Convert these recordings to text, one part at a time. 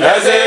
That's it.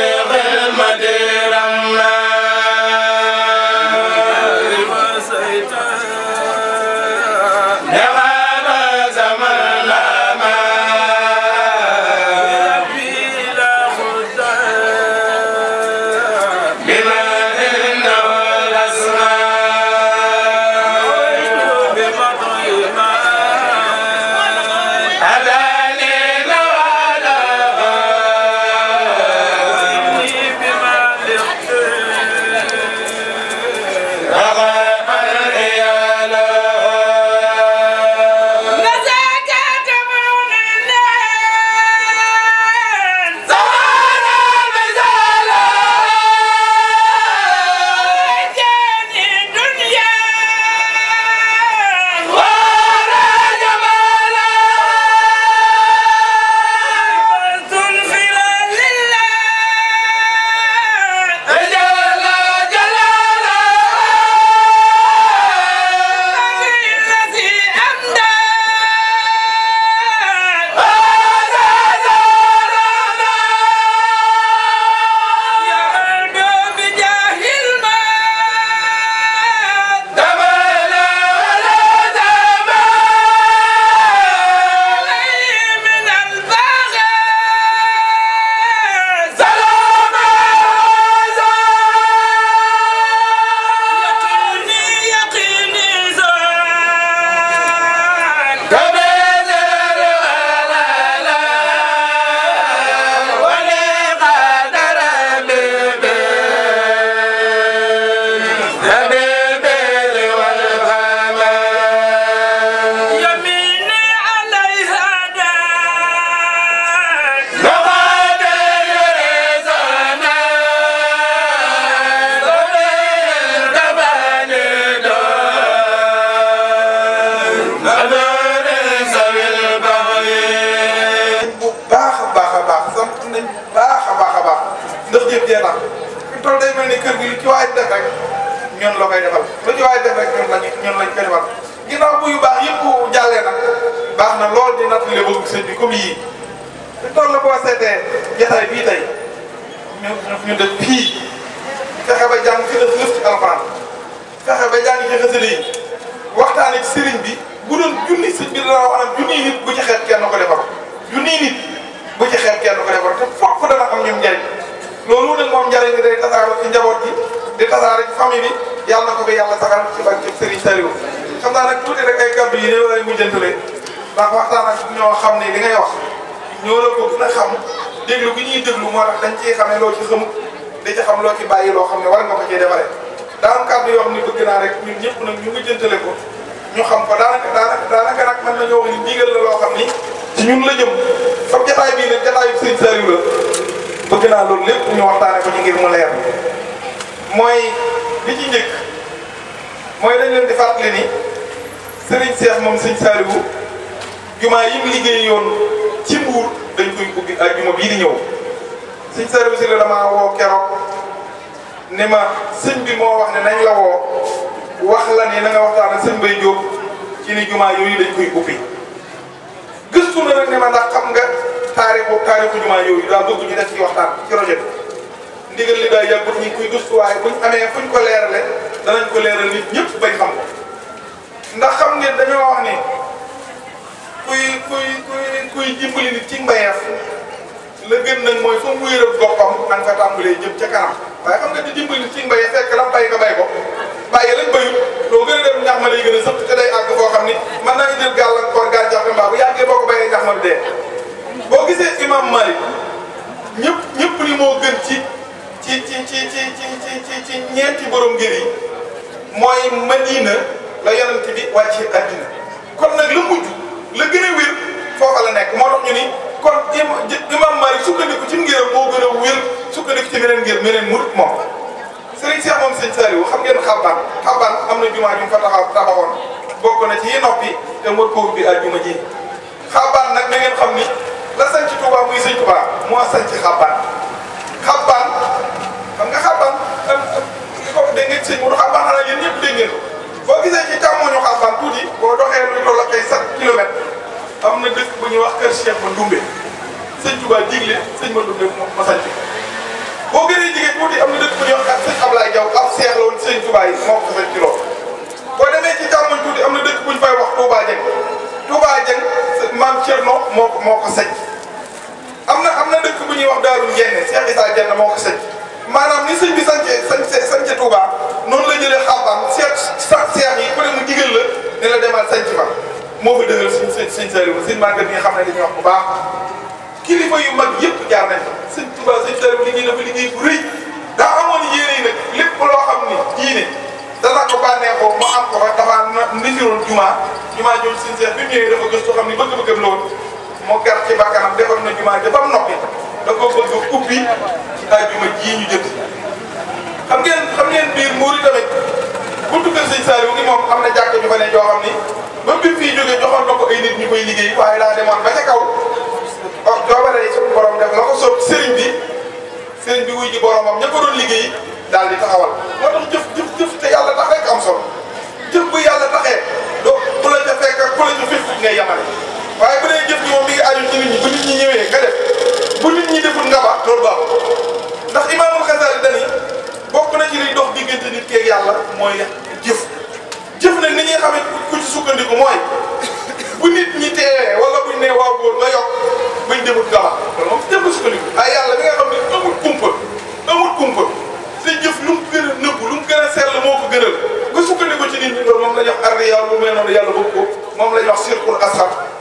kër gi lu ci waay def rek ñoon la koy defal lu ci waay def rek ñun lañ ñun lañ koy defal ginnaaw bu yu baax yëpp jàllee nag baax na lool di natt léegi sëñ bi comme yii te toll boo seetee jotaay bii tey ñu ñu def fii ba jàng ci def fexe ba jàng ci xasida yi waxtaane sëriñ bi bu doon junni si bi dana wax naan junni nit bu ci xeet kenn ko defal junni nit bu ci xeet kenn ko defal te foofu dana am ñoom njëriñ. loolu nag moom njëriñ bi day tasaaroo ci njaboot gi di tasaare ci famille bi yàlla na ko ba yàlla saxal ci barke Serigne Saliou xam naa nag tuuti rek ay kàddu yi néew lay mujjantale ndax waxtaan ak ñoo xam ne li ngay wax ñoo la ko gën a xam déglu gi ñuy déglu moo tax dañ ciy xamee loo ci xamut di ci xam loo ci bàyyi loo xam ne war nga ko cee defaree daa am kàddu yoo xam bëgg naa rek ñu ñëpp nag ñu mujjantale ko ñu xam ko daanaka daanaka daanaka nag mën nañoo wax ni ndigal la loo xam ni ci ñun la jëm fab jataay bii nag jataayu Serigne Saliou bëgg naa loolu lépp ñu waxtaane ko ci ngir mu leer mooy li ci njëkk mooy dañ leen di fàttali ni Serigne Cheikh moom Serigne Saliou jumaa yi mu liggéey yoon ci mbuur dañ koy ubbi ak di ñëw Serigne Saliou si la damaa woo keroog ni ma sëñ bi moo wax ne nañ la woo wax la ni na nga waxtaan ak sëñ Bay Jóob ci ni jumaa yooyu dañ koy ubbi gëstu na nag ne ma ndax taarixu jumaa yooyu daa bëgg ñu def ci waxtaan ci projet bi ndigal li daay yàggut ñi kuy gëstu waaye buñ amee fuñ ko leerale danañ ko leeral nit ñëpp bañ xam ko ndax xam ngeen dañoo wax ni kuy kuy kuy kuy dimbali nit ci mbayeef la gën nag mooy fa mu wéeral boppam na nga fa tàmbalee jëm ca kanam waaye xam nga di dimbali nit ci mbayeef fekk la bay ko bay ko bàyyi lañ bayut loo gën a dem ñax ma lay gën a sëpp te day àgg foo xam ni mën naa indil gàllankoor gàncax gi mbaa boo ko bayee ñax ma imam Malik ñëpp ñëpp li moo gën ci ci ci ci ci ci ci ñeenti boroom ngir yi mooy Madina la yonent bi wàcce àddina kon nag la mujj la gën a wér foofa la nekk moo tax ñu ni kon imam Malik sukkandiku ci ngëram moo gën a wér sukkandiku ci meneen ngir meneen murit moom Sëriñ Cheikh moom sëñ Saliou xam ngeen xaban xaban am na jumaa ju mu fa taxaw taxawoon bokk na ci yi noppi te mot ko ubbi àjjuma ji xaban nag na ngeen la sanc Touba muy sëñ Touba moo sanc xabbaan xabbaan xam nga xabbaan am am li ko dégg ngeen sëñ xanaa yéen ñëpp dégg ngeen ko boo gisee ci càmmoñu xabbaan tuuti boo doxee lu toll ak ay 7 kilomètres am na dëkk bu ñuy wax kër Cheikh Mandoumbe sëñ Touba digle sëñ ma sanc boo gënee jigéen tuuti am sëñ Ablaye Diaw am seex la woon sëñ Touba yi moo ko sanc ci loolu boo demee ci càmmoñ tuuti am na dëkk bu ñu fay wax Touba Dieng Touba Dieng maam Thierno moo moo ko sanc dëkk bu ñuy wax Daaru Njenne Cheikh Issa Dienne moo ko sëñ maanaam ni sëñ bi sanc sanc sanc Touba noonu la jëlee xabaam seet sax seex yi ku ne mu digal la ne la demal sanc fa moo fa dëgëral suñ suñ suñ sëriñ suñ màggat yi nga xam ne dañuy wax bu baax kilifa yu mag yëpp jaar nañ fa sëñ Touba sëñ sëriñ liggéey na fa liggéey bu rëy daa amoon yéene nag lépp loo xam ni diine dana ko bànneexoo mu am ko fa dafa nisiroon jumaa jumaa jooju suñ seex bi mu ñëwee dafa gëstu xam ni bëgg-bëggam la woon moo gar ci bakkanam defoon na jumaa ja ba mu dafa bëgg ubbi àjjuma ji ñu jëm xam ngeen xam ngeen biir muur yi tamit buntu kër sëñ Saliou ngi moom xam na jàkk ñu fa ne joo xam ni ba biir fii jógee joxoon na ko ay nit ñu koy liggéey waaye daa demoon ba ca kaw wax oh, joobare yi suñu borom def la ko soob sëriñ bi sëriñ bi wuy ji boromam ña doon liggéey daal di taxawal moo tax jëf jëf jëf te yàlla tax rek am solo jëf bu yàlla taxee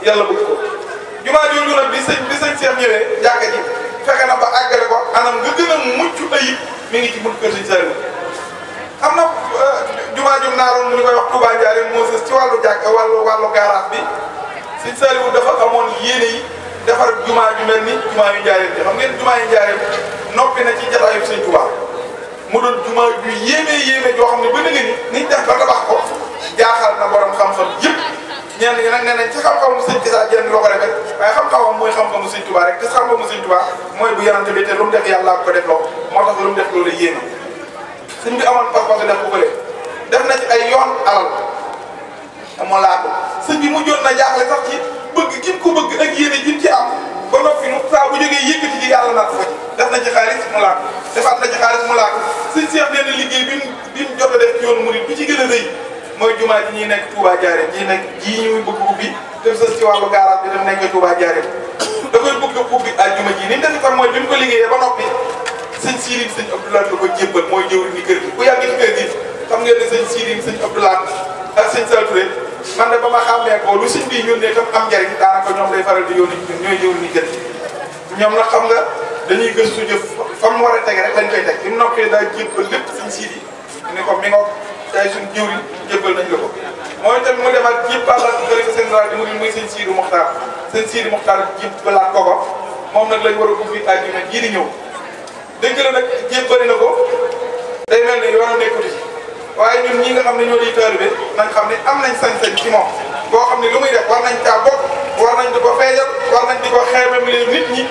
yàlla bëgg ko jumaa jooju nag bi sëñ bi sëñ Cheikh ñëwee jàkka ji fexe na ba àggale ko anam nga gën a mucc mi ngi ci bunt kër sëñ am na euh, jumaa ju naaroon mu ñu moo sës wàllu jàkka wàllu wàllu garage bi sëñ Saliou dafa amoon yéene defar jumaa ju mel ni jumaa yu Ndiarène xam ngeen jumaa yu Ndiarène noppi na ci jataayu sëñ Touba mu doon jumaa ju yéeme yéeme joo xam ne ba dëgg ni niñ def ba tabax ko jaaxal na borom xam-xam yëpp ñenn ñi nag nee nañ ci xam-xamu sëñ Issa Diène la ko defee waaye xam-xamam mooy xam-xamu sëñ Tuubaa rek te xam-xamu sëñ Tuubaa mooy bu yonante bi te lu mu def yàlla ko def loo moo tax lu mu def na ci ay yoon alal moo laatu sëñ bi mujjoon na jaaxle bëgg gin ko bëgg ak yéene gin ci am ba noppi mu saa bu jógee yëkkati ci yàlla ko def na ci xaalis mu laatu defaat na ci xaalis mu laatu liggéey bi mu bi mu jot a def ci yoonu murid bi ci gën a rëy mooy jumaa ji ñuy nekk Touba Diarène ji nekk ji ñuy bëgg ubbi def sës ci wàllu garage bi dem nekk Touba Diarène da koy bëgg ubbi àjjuma ji ni mu def kon bi mu ko liggéeyee ba noppi sëñ Siidi sëñ Abdoulaye da ko jébbal mooy jëwriñ ni kër gi ku yàgg ci kër gi xam ngeen ne sëñ Siidi sëñ Abdoulaye ak sëñ Saltouré man de ba ma xàmmee ko lu sëñ bi yónnee am njariñ daanaka ñoom lay faral di yónni ñooy jëwriñ ni kër ñoom nag xam nga dañuy gëstu jëf fa mu war a teg rek lañ bi mu noppee daa jébbal lépp sëñ ni ko mi ngoog saa suñ jiw yi jébbal nañ la ko mooy itam mu demal jibbalal xalifa général di murid muy sëñ Sidi Mokhtar sëñ Sidi Mokhtar jibbalaat ko ko moom nag lañ war a ubbi àjjuma ji di ñëw dëgg la nag jébbali na ko day mel ni yoonu nekkul ci waaye ñun ñi nga xam ne ñoo di taalibe nañ xam ne am nañ sañ-sañ ci moom boo xam ne lu muy def war nañ caa bokk war nañ di ko feejal war nañ di ko xeebam leen nit ñi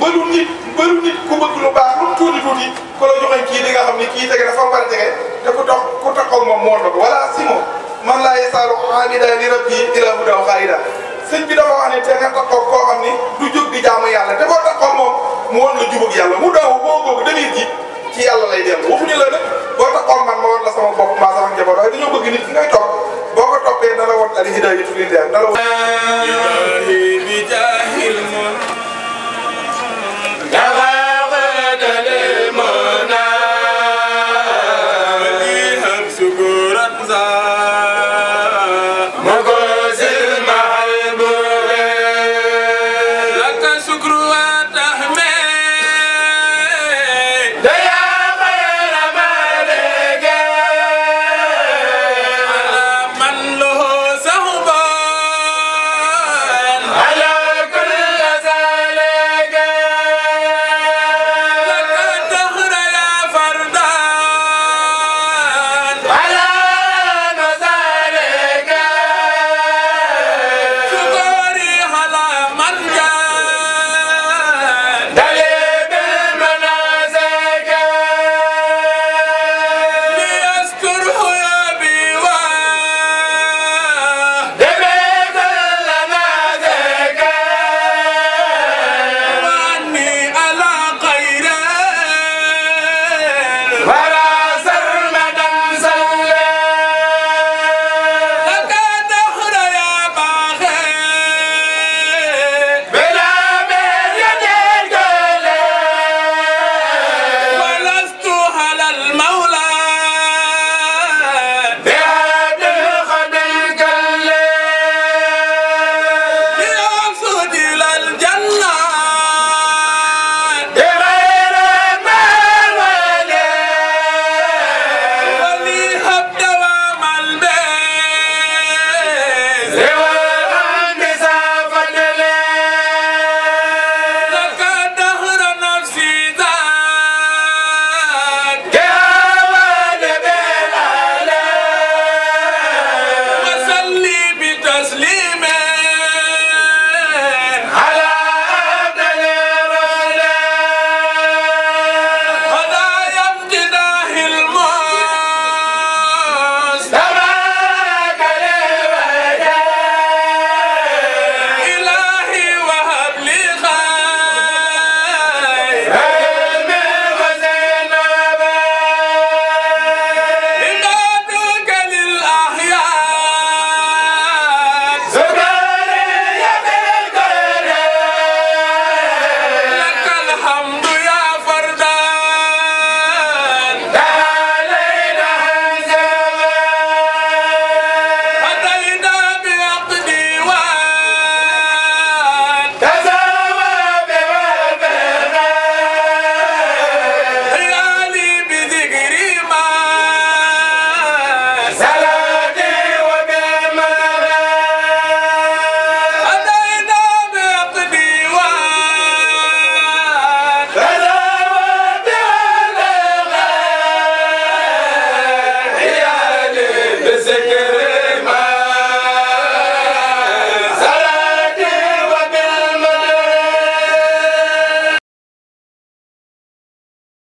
bëlu nit bëru nit ku bëgg lu baax lu tuuti tuuti ku la joxe kii di a xam ne kii tege dafa war a tege te ku tox ku taxaw moom moo doon te koo xam ni du jóg di jaamu yàlla te boo taxaw moom mu woon la jubag yàlla mu daaw boo googu demir ji ci yàlla lay dellu waxuñu la nag boo taxaw man ma woon la sama bopp maa sama njaboot waaye dañoo bëgg nit ki ngay topp boo ko toppee dana woon al hidayatu lillah dana woon